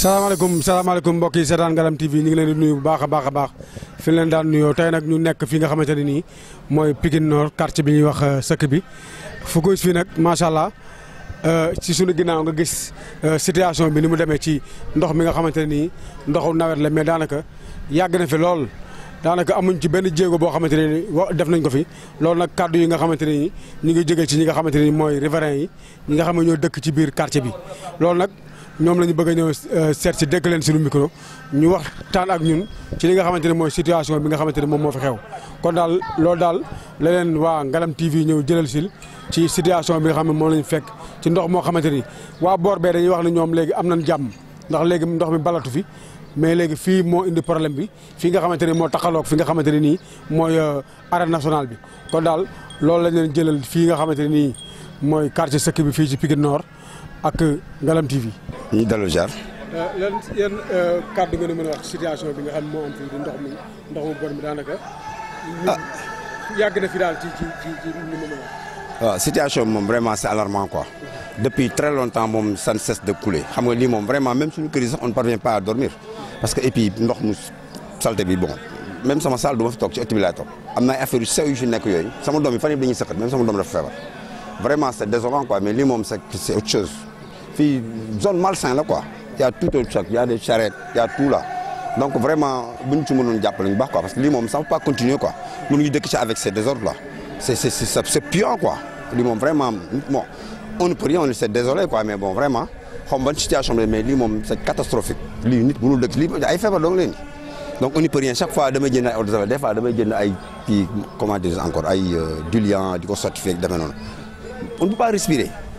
salaamaaleykum salaamaaleykum mbokk yi seetaan Ngalam TV ñu ngi leen nuyu bu baax a baax baax fi leen daan nuyoo tey nag ñu nekk fii nga xamante ne nii mooy Pikine noor quartier bi ñuy wax euh, sëkk bi fu ko nag macha allah euh, ci sunu ginnaaw nga gis euh, situation bi ni mu demee ci ndox mi nga xamante ne nii ndoxu nawet la mais daanaka yàgg na fi lool. daanaka amuñ ci benn jéego boo xamante ne ni def nañ ko fi loolu nag kàddu yi nga xamante ne ni ñu ngi jóge ci ñi nga xamante ne ni mooy riverains yi ñi nga xam ne ñoo dëkk ci biir karti bi loolu nag. ñoom la ñu bëgg a ñëw euh, seet si dégg leen suñu micro ñu waxtaan ak ñun ci li nga xamante ne mooy situation bi xamante ne moom moo fi xew kon daal loolu daal la leen waa Ngalam TV ñëw jëlal sil ci situation bi nga xam ne moom la ñu fekk ci ndox moo xamante ni waa boor bee dañuy wax ne ñoom léegi am nañ jàmm ndax léegi ndox mi balatu fi mais léegi fii moo indi problème bi fii nga xamante ne moo taxaloog fi nga xamante ne nii mooy euh, arène nationale bi kon daal loolu lañ leen jëlal fii nga xamante ne nii mooy quartier sëkk bi fii ci Pikine Nord ak Ngalam TV ñi dalu jaar. lan yan kàddu nga mën a wax situation bi nga xam moo am fii du ndox mi ndox mu bon mi daanaka. Ah. yàgg na fi daal ci ci ci ci li mën a wax. waaw situation bi moom vraiment c'est alarmant quoi. depuis très longtemps moom ça ne cesse de couler xam nga lii moom vraiment même suñu crise sax on ne parvient pas à dormir parce que et puis ndox mu salte bi bon même sama salle du ma fi toog ci ëtt bi laay toog am na ay yu sew yu fi nekk yooyu sama doom yi fan yii dañuy sëqat même sama doom dafa feebar vraiment c'est désolant quoi mais lii moom c'est c'est autre chose fii zone malsain là quoi il y' a tout un il y' a des charrettes il y' a tout là donc vraiment bu ñu ci mënoon jàppale ñu baax quoi parce que lii moom ça ne pas continuer quoi nous dëkk ci avec ces désordres là c'est c'est c' est puant quoi lii vraiment bon on ne peut rien on est désolé quoi mais bon vraiment on a ban situation mais lii moom c'est catastrophique lii nit nous dëkk lii ay feebar dong donc on n'y peut rien chaque fois damay jënd de des fois damay jënd ay comment dire encore ay diluant euh, du ko sotti fii ak demee on ne peut pas respirer.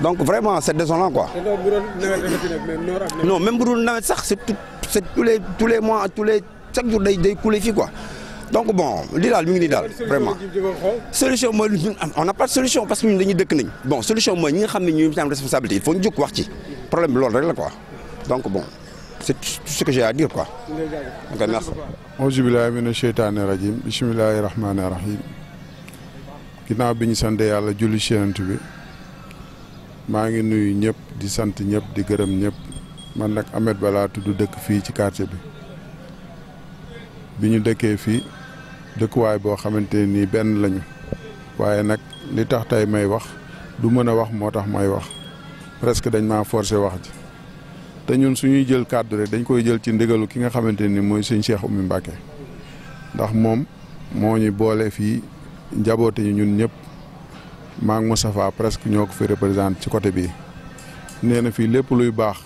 donc vraiment c'est désolant quoi. non même pour nous, c'est tous les tous les mois tous les chaque jour des quoi donc bon c'est vraiment solution on n'a pas de solution parce que nous sommes bon solution moi, nous responsabilité il faut ñu problème quoi donc bon c'est tout ce que j'ai à dire quoi maa ngi nuyu ñëpp di sant ñëpp di gërëm ñëpp man nag Ahmed Bala tudd dëkk fii ci quartier bi bi ñu dëkkee fii dëkkuwaay boo xamante nii benn lañu waaye nag li tax tey may wax du mën a wax moo tax may wax presque dañ ma forcé wax ji te ñun suñuy jël kàddu rek dañ koy jël ci ndigalu ki nga xamante ni mooy sëñ Cheikh Oumy Mbacké ndax moom moo ñu boole fii njaboote ñu ñun ñëpp maa ngi Moustapha presque ñoo ko fi représenté ci côté bii nee na fii lépp luy baax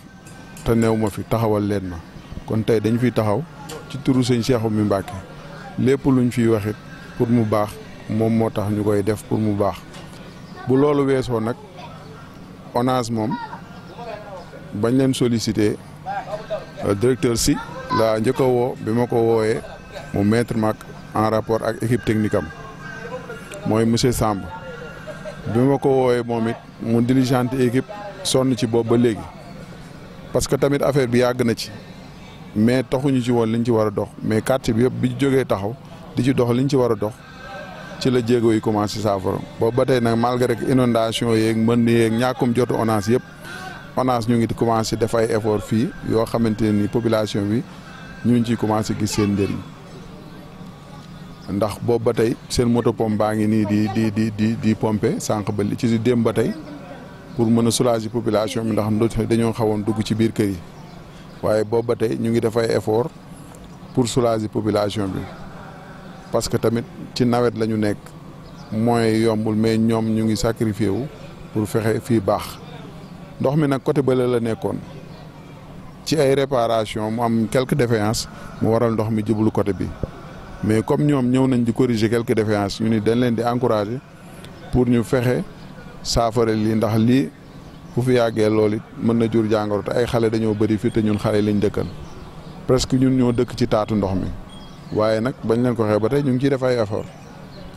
te new ma fi taxawal leen ma kon tey dañu fi taxaw ci turu sëñ Cheikhu mi Mbàkke lépp luñ fiy waxit pour mu baax moom moo tax ñu koy def pour mu baax bu loolu weesoo nag ONAS moom bañ leen sollicité euh, directeur si laa njëkk a woo bi ma ko wooyee mu mettre ma en rapport ak équipe technique am mooy monsieur Samb bi ma ko woowee moom it mu dirigeante équipe sonn ci boobu ba léegi parce que tamit affaire bi yàgg na ci mais taxuñu ci woon liñ ci war a dox mais quartier bi yëpp bi jogee taxaw di ci dox liñ ci war a dox ci la jéego yi commencé saafara boobu ba tey nag malgré que inondation yeeg mbënd yeeg ñàkkum jotu ONAS yëpp ONAS ñu ngi commencé def ay fii yoo xamante ne population bi ñu ngi ciy commencé gis seen njëriñ. ndax boobu ba tey seen moto pompe baa ngi nii di di di di di pompe sànq ba ci si démb ba tey pour mën a soulager population bi ndax dañoo xawoon dugg ci biir kër yi waaye boobu ba tey ñu ngi def ay effort pour soulager population bi parce que tamit ci nawet la ñu nekk moyens yombul mais ñoom ñu ngi sacrifié wu pour fexe fii baax ndox mi nag côté bële la nekkoon ci ay réparation mu am quelque défaillances mu waral ndox mi jublu côté bi mais comme ñoom ñëw nañ di corriger quelques défaillances ñu ni dañ leen di encourager pour ñu fexe saafara lii ndax lii bu fi yàggee lool it mën na jur jàngoro ay xale dañoo bëri fii te ñun xale lañ dëkkal presque ñun ñoo dëkk ci taatu ndox mi waaye nag bañ leen ko waxee ba tey ñu ngi ciy def ay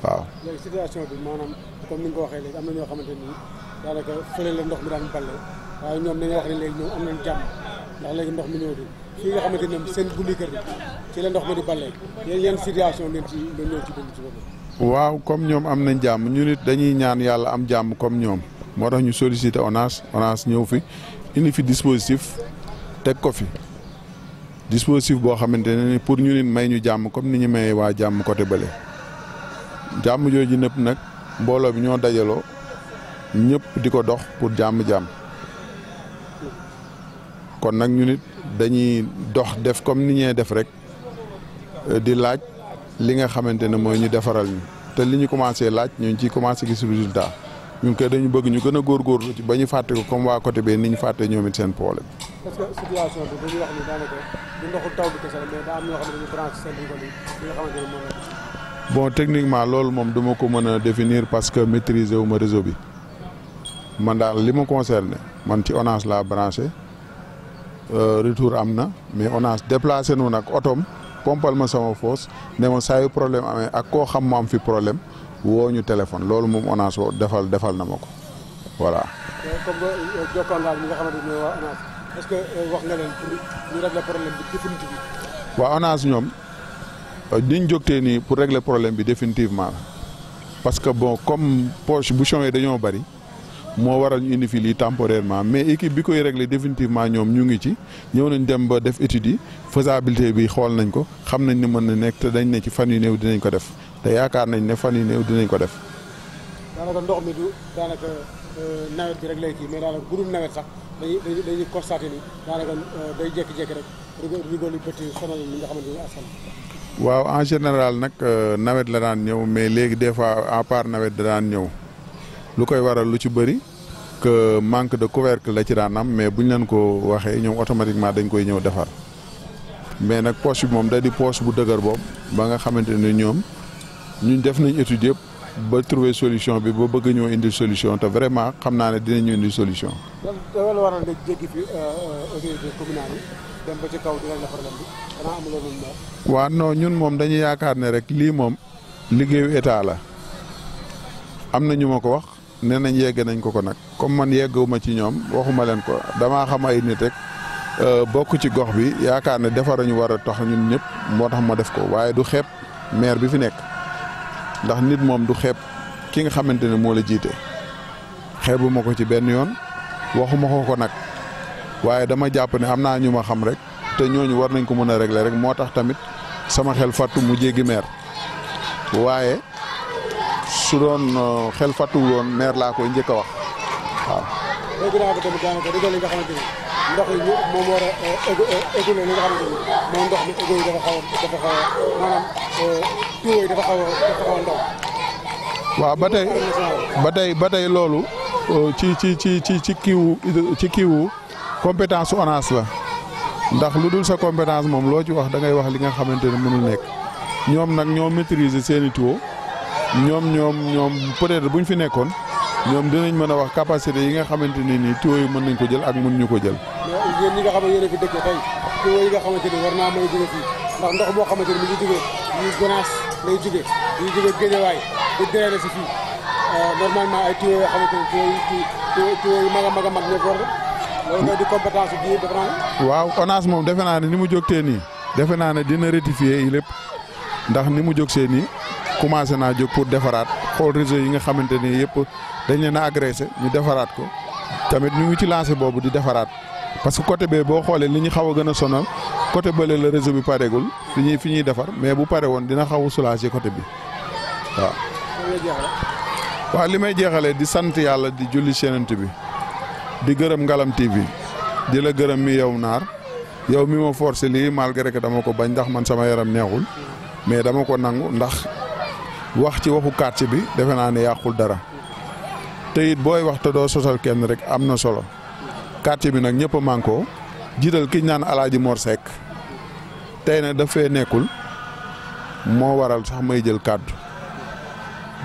waaw. léegi bi maanaam comme ni ko waxee léegi am na ñoo xamante ni daanaka fële la ndox mi daan balle waaye ñoom dañoo wax ne léegi ñoom am nañ ndax léegi ndox ndox mi di waaw comme ñoom am nañ jàmm ñu dañuy ñaan yàlla am jàmm comme ñoom moo tax ñu sollicité ONAS ONAS ñëw fi indi fi dispositif teg ko fi dispositif boo xamante ne pour ñu nit may ñu jàmm comme ni ñu mayee waa jàmm côté bële jàmm jooju népp nag mbooloo bi ñoo dajaloo ñëpp di ko dox pour jàmm jàmm. kon nag ñu nit dañuy dox def comme ni ñee def rek euh, di laaj li nga xamante ne mooy ñu defaral ñu te li ñu commencé laaj ñu ngi ciy commencé gis résultat ñun kay dañu bëgg ñu gën a góorgóorlu ci ba ñu fàtte ko comme waa côté bee ni ñu fàtte ñoom it seen problème. bi dañuy techniquement loolu moom duma ko mën a définir parce que maîtriser wu ma réseau bi man daal li ma concerné man ci Orange laa branché. Euh, retour à mais on a déplacé nous nak autom pompal ma sama ne sayu problème amé ak ko xam ma am fi problème téléphone on a defal defal voilà. Euh, euh, est-ce que pour régler problème problème définitivement parce que bon comme poche bouchon et bari. moo waral ñu indi fii lii temporairement mais équipe bi koy régler définitivement ñoom ñu ngi ci ñëw nañu dem ba def étude yi faisabilité bi xool nañ ko xam nañ ni mën na nekk dañ ne ci fan yu néew dinañ ko def te yaakaar nañ ne fan yu néew dinañ ko def. daanaka ndox mi du daanaka euh, nawet bi rek lay kii mais daanaka bu nawet sax euh, day jékki-jékki rek rigol yu bëtt sonal li nga xamante ni askan waaw en général nag euh, nawet la daan ñëw mais léegi des fois à part nawet da daan ñëw. lu koy waral lu ci bëri que manque de couvercle la ci daan mais bu ñu leen ko waxee ñoom automatiquement dañ koy ñëw defar mais nag poche bi moom da di poche bu dëgër boobu ba nga xamante ne ñoom ñun def nañ étude yëpp ba trouver solution bi ba bëgg ñoo indi solution te vraiment xam naa ne dinañu indi euh, euh, di leen defar leen ñun moom dañu yaakaar ne rek lii moom liggéeyu état la am na ñu ma ko wax. nee nañ yegg nañ ko ko nag comme man yegguma ci ñoom waxuma leen ko damaa xam ay nit rek euh, bokk ci gox bi yaakaar ne defarañu war a tax ñun ñëpp moo tax ma def ko waaye du xeeb maire bi fi nekk ndax nit moom du xeeb ki nga xamante ne moo la jiite xeebuma ko ci benn yoon waxuma ko ko nag waaye dama jàpp ne am naa ñu ma xam rek te ñooñu war nañ ko mën a regle rek moo tax tamit sama xel fàttu mu jéggi maire waaye su doon uh, xel fàttuwul woon maire laa koy njëkk a wax waaw. léegi li nga xamante ni ndox yi moom war a waaw ba tey ba tey loolu uh, ci ci ci ci ci kiiwu ci kiiwu compétence su la ndax lu dul sa compétence moom loo ci wax da ngay wax li nga xamante ne mënul nekk ñoom nag ñoo maîtriser seeni i ñom ñom ñom peut être buñ fi nekkon ñom dinañ mëna wax capacité yi nga xamanteni ni nii tuyaux yi mën nañ ko jël ak mën ñu ko jël. yeen yi nga xamanteni ne yéen a fi dëkkee tey tuyaux yi nga xamanteni ni war naa mën a jóge ndax ndox bo xamanteni ni mi ngi jóge ñu gonas lay ñu ñuy jóge way bu dérainer ci fi euh, normalement ay tuyaux yoo xamanteni ni yi tuyaux yi maga maga mag ne ko war di compétence bi dafa na waaw ONAS mom defe ni mu jógtee ni defe na dina rectifier yi lepp ndax ni mu jóg see commencé naa jóg pour defaraat xool réseau yi nga xamante nii yëpp dañ leen a agressé ñu defaraat ko tamit ñu ngi ci lancé boobu di defaraat parce que côté bee boo xoolee li ñu xaw a gën a sonal côté bële la réseau bi pareegul fi ñuy fi ñuy defar mais bu pare woon dina xaw a soulager bi waaw. waaw li may jeexalee di sant yàlla di julli séenant bi di gërëm Ngalam bi di la gërëm mi yow naar yow mi ma forcé lii malgré que dama ko bañ ndax man sama yaram neexul wax ci waxu quartier bi defe naa ne yàqul dara te it booy wax te doo sosal kenn rek am na solo quartier bi nag ñëpp a mànkoo jiital kiñ naan alaaji Mor Seck tey nag dafa fee nekkul moo waral sax may jël kàddu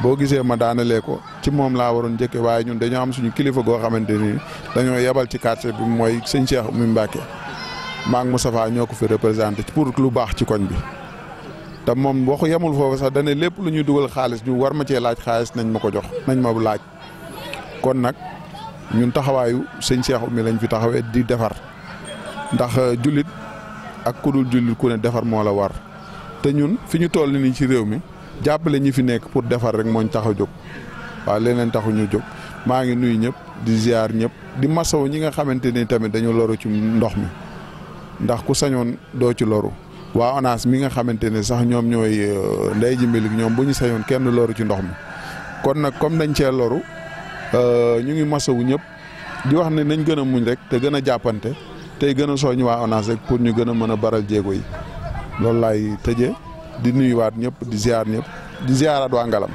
boo gisee ma daanalee ko ci moom laa waroon njëkke waaye ñun dañoo am suñu kilifa goo xamante ni dañoo yebal ci quartier bi mooy sëñ Cheikh muy Mbacke maa ngi Moustapha ñoo ko fi représenté pour lu baax ci koñ bi. te moom waxu yemul foofu sax dane lépp lu ñuy dugal xaalis ñu war ma cee laaj xaalis nañ ma ko jox nañ ma laaj kon nag ñun taxawaayu sëñ Cheikh mi lañ fi taxawee di defar ndax euh, jullit ak ku dul jullit ku ne defar moo la war te ñun fi ñu toll nii ci réew mi jàppale ñi fi nekk pour defar rek mooñ tax a jóg waa leneen taxu ñu jóg maa ngi nuyu ñëpp di ziar ñëpp di masaw ñi nga xamante ni tamit dañu loru ci ndox mi ndax ku sañoon doo ci loru waa ONAS mi nga xamante ne sax ñoom ñooy euh, ndey ji mbilik ñoom bu ñu sañoon kenn loru ci ndox mi kon nag comme dañ cee loru euh, ñu ngi masawu ñëpp di wax ne nañ gën a muñ rek te gën a jàppante tey gën a soññ waa ONAS rek pour ñu gën a mën a baral jéego yi loolu laay tëje di nuyuwaat ñëpp di ziar ñëpp di ziaraat waa Ngalam.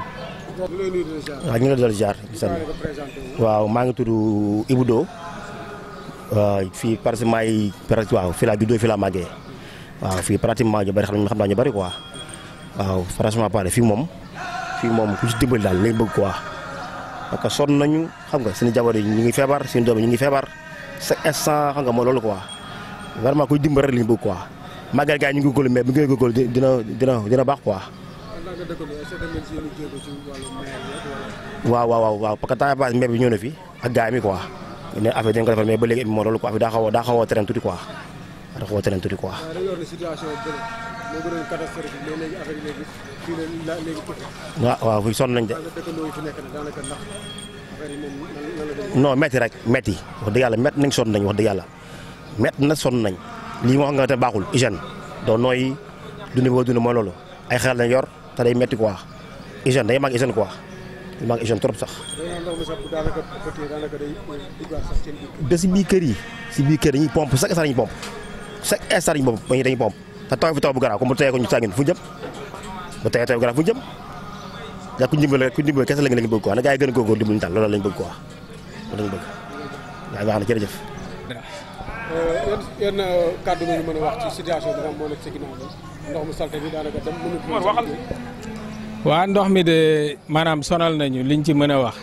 waaw waaw maa ngi tudd Ibou Do fii parce que maay waaw fii laa juddoo fila laa waaw ah, fii pratiquement ñu bari xam xam naa ñu bari quoi waaw ah, franchement parlé fii moom fii moom ku ci dimbali daal lañ bëgg quoi parce que sonn nañu xam nga seen jabar yi ñu ngi feebar seen doom yi ñu ngi feebar instant xam nga loolu quoi vraiment dimbali rek lañ bëgg quoi magal gaay ñu ngi mais bu ngeen dina dina dina baax quoi waaw waaw waaw waaw parce que temps base maire bi ñëw na fi ak gaay mi quoi ne affaire dañ ko defal mais ba léegi quoi quoi raxoote nañ tuuti quoi. waaw waaw fii sonn nañ de. non metti rek metti wax de yàlla mett nañ sonn nañ wax dëgg yàlla mett na sonn nañ lii moo xam nga te baaxul hygiène doo nooy dund boo dund mooy loolu ay xel lañ yor te day metti quoi hygiène day mag hygiène quoi mag hygiène trop sax. ba si biir kër yi si biir pompe chaque saa dañuy pompe. chaque instant dañu bopp dañuy pomp te taw fi taw bu garaaw comme bu tawee ko ñu sàngin fu jëm bu tawee taw bu garaaw fu jëm ndax ku dimbali ku kese la nga bëgg quoi a euh, a wax ci situation bi nga xam moo nekk ci ginnaaw bi ndox ndox mi de maanaam sonal nañu liñ ci mën a wax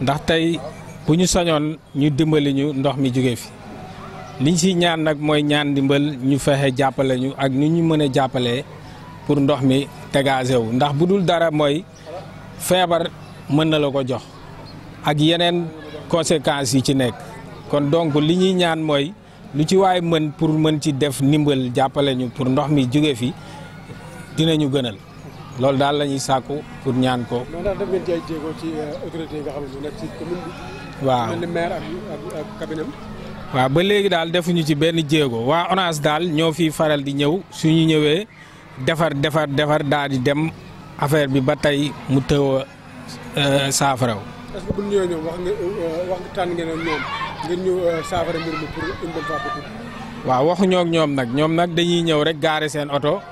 ndax tey bu ñu sañoon ñu dimbali ñu ndox mi jóge fi liñ si ñaan nag mooy ñaan ndimbal ñu fexe jàppale ñu ak ni ñu mën a jàppalee pour ndox mi dégagé wu ndax bu dul dara mooy feebar mën na la ko jox ak yeneen conséquences yi ci nekk kon donc li ñuy ñaan mooy lu ci waay mën pour mën ci def ndimbal jàppale ñu pour ndox mi jóge fi ñu gënal loolu daal la ñuy sàkku pour ñaan ko. Euh, waaw. waaw ba léegi daal defuñu ci benn jéego waa ONAS daal ñoo fiy faral di ñëw suñu ñëwee defar defar defar daal di dem affaire bi ba tey mu tëw e, e, saafara mbir mi waxuñoo ak ñoom nag ñoom nag dañuy ñëw rek gaare seen oto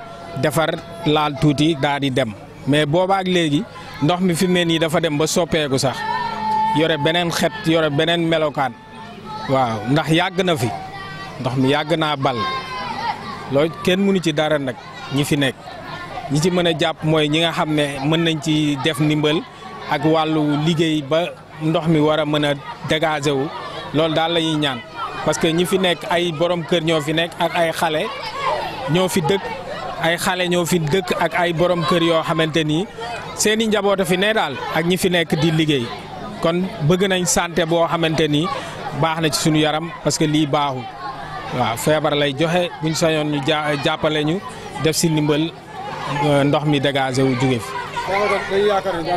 defar laal tuuti daal di dem mais boobaak léegi ndox mi fi mu ne nii dafa dem ba soppeeku sax yore beneen xet yore beneen melokaan. waaw ndax yàgg na fi ndox mi yàgg naa bal loolu kenn mënu ci dara nag ñi fi nekk ñi ci mën a jàpp mooy ñi nga xam ne mën nañ ci def ndimbal ak wàllu liggéey ba ndox mi war a mën a dégager wu loolu daal lañuy ñaan parce que ñi fi nekk ay borom kër ñoo fi nekk ak ay xale ñoo fi dëkk ay xale ñoo fi dëkk ak ay borom kër yoo xamante ni seen i njaboot a fi ne daal ak ñi fi nekk di liggéey kon bëgg nañ santé boo xamante ni baax na ci suñu yaram parce que lii baaxu waaw feebar lay joxe buñ sañoon ñu ja jàppale ñu def si ndimbal euh, ndox mi dégagé wu jóge fi. daanaka dañuy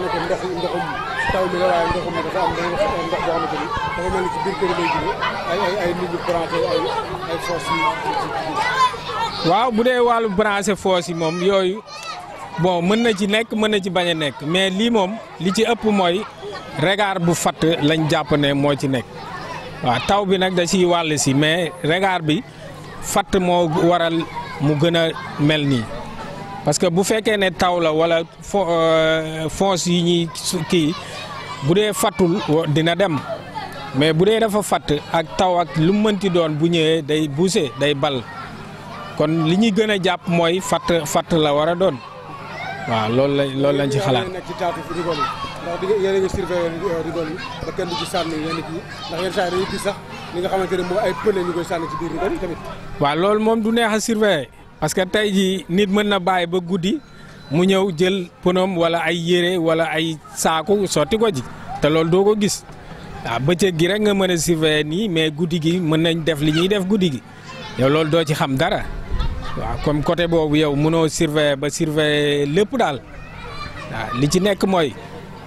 waaw bu dee wàllu branché foos yi moom yooyu bon mën na ci nekk mën na ci bañ nekk mais lii moom li ci ëpp mooy regard bu fatt lañ jàpp ne moo ci nekk. waaw taw bi nag da ciy wàll si mais regard bi fatt moo waral mu gën a mel nii parce que bu fekkee ne taw la wala fo euh, fons yi ñuy kii bu dee fattul dina dem mais bu dee dafa fatt ak taw ak lu mënti doon bu ñëwee day buuse day bal kon li ñuy gën a jàpp mooy fatt fatt la war a doon waaw loolu la loolu lañ ci xalaat ndax di yéen a ngi euh, yenn saa yi dañuy gis sax li nga xamante ne moom ay pëne ñu koy sànni ci biir rigol yi tamit waaw lool moom du neex a surveiller parce que tey jii nit mën na bàyyi ba guddi mu ñëw jël ponom wala ay yére wala ay saaku sotti ko ji te loolu doo ko gis waaw bëccëg gi rek nga mën a surveiller nii mais guddi gi mën nañ def li ñuy def guddi gi yow loolu doo ci xam dara waa comme côté boobu yow mënoo surveiller ba surveiller lépp daal waaw li ci nekk mooy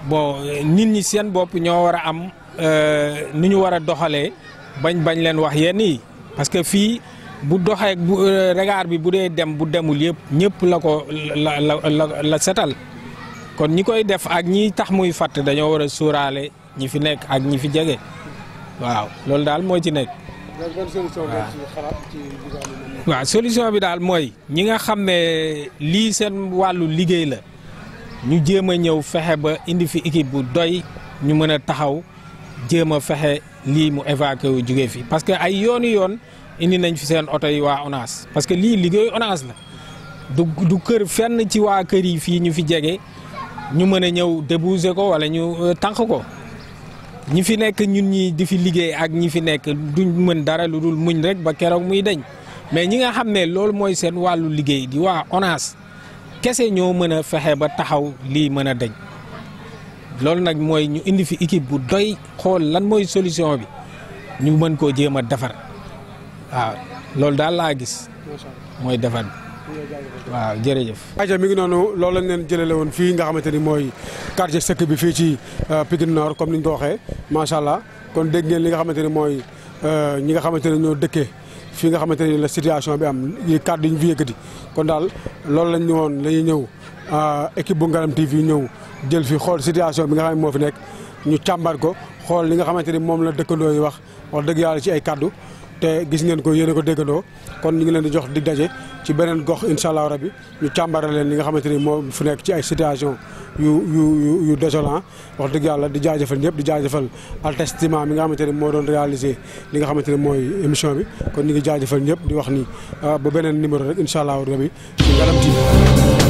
bon nit ñi seen bopp ñoo war a am euh, nu ñu war a doxalee bañ bañ leen wax yenn yi parce que fii bu doxee bu euh, regard bi bu dee dem bu demul yëpp ñëpp la ko la la la setal kon ñi koy def ak ñi tax muy fatt dañoo war a suuraale ñi fi nekk ak ñi fi jege waaw loolu daal moo ci nekk. waaw solution bi daal mooy ñi nga xam ne lii seen wàllu liggéey la. ñu jéem a ñëw fexe ba indi fi équipe bu doy ñu mën a taxaw jéem a fexe lii mu évacué wu jugee fi parce que ay yoonu yoon indi nañ fi seen oto yi waa ONAS parce que lii liggéey ONAS la du du kër fenn ci waa kër yi fii ñu fi jege ñu mën a ñëw débouser ko wala ñu euh, tànq ko ñi fi nekk ñun ñi di fi liggéey ak ñi fi nekk duñ mën dara lu dul muñ rek ba keroog muy deñ mais ñi nga xam ne loolu mooy seen wàllu liggéey di waa ONAS kese ñoo mën a fexe ba taxaw lii mën a deñ loolu nag mooy ñu indi fi équipe bu doy xool lan mooy solution bi ñu mën koo jéem a defar waaw loolu daal laa gis mooy defar bi waaw jërëjëf. rajo mi ngi noonu loolu lañ leen jëlale woon fii nga xamante ni mooy quartier sëkk bi fii ci euh, Pikine Nord comme ni ñu ko waxee macha allah kon dégg ngeen li nga xamante ni mooy euh, ñi nga xamante ne ñoo dëkkee. fii nga xamante ni la situation bi am yi kàddu yi ñu fi yëkkati kon daal loolu lañ ñu woon la ñuy ñëw ah, équipe bu Ngalam TV ñëw jël fi xool situation bi nga xam ne moo fi nekk ñu càmbar ko xool li nga xamante ni moom la dëkkandoo yi wax wax dëgg yàlla ci ay kàddu te gis ngeen ko yéen ko déggandoo kon ñu ngi leen di jox dig daje ci beneen gox incha allah rabi ñu càmbara leen li nga xamante ni moo fu nekk ci ay situation yu yu yu yu désolant wax dëgg yàlla di jaajëfal ñëpp di jaajëfal altestima mi nga xamante ni moo doon réalisé li nga xamante ni mooy émission bi kon ñu ngi jaajëfal ñëpp di wax ni ah, ba beneen numéro rek incha allah rabi ci Ngalam TV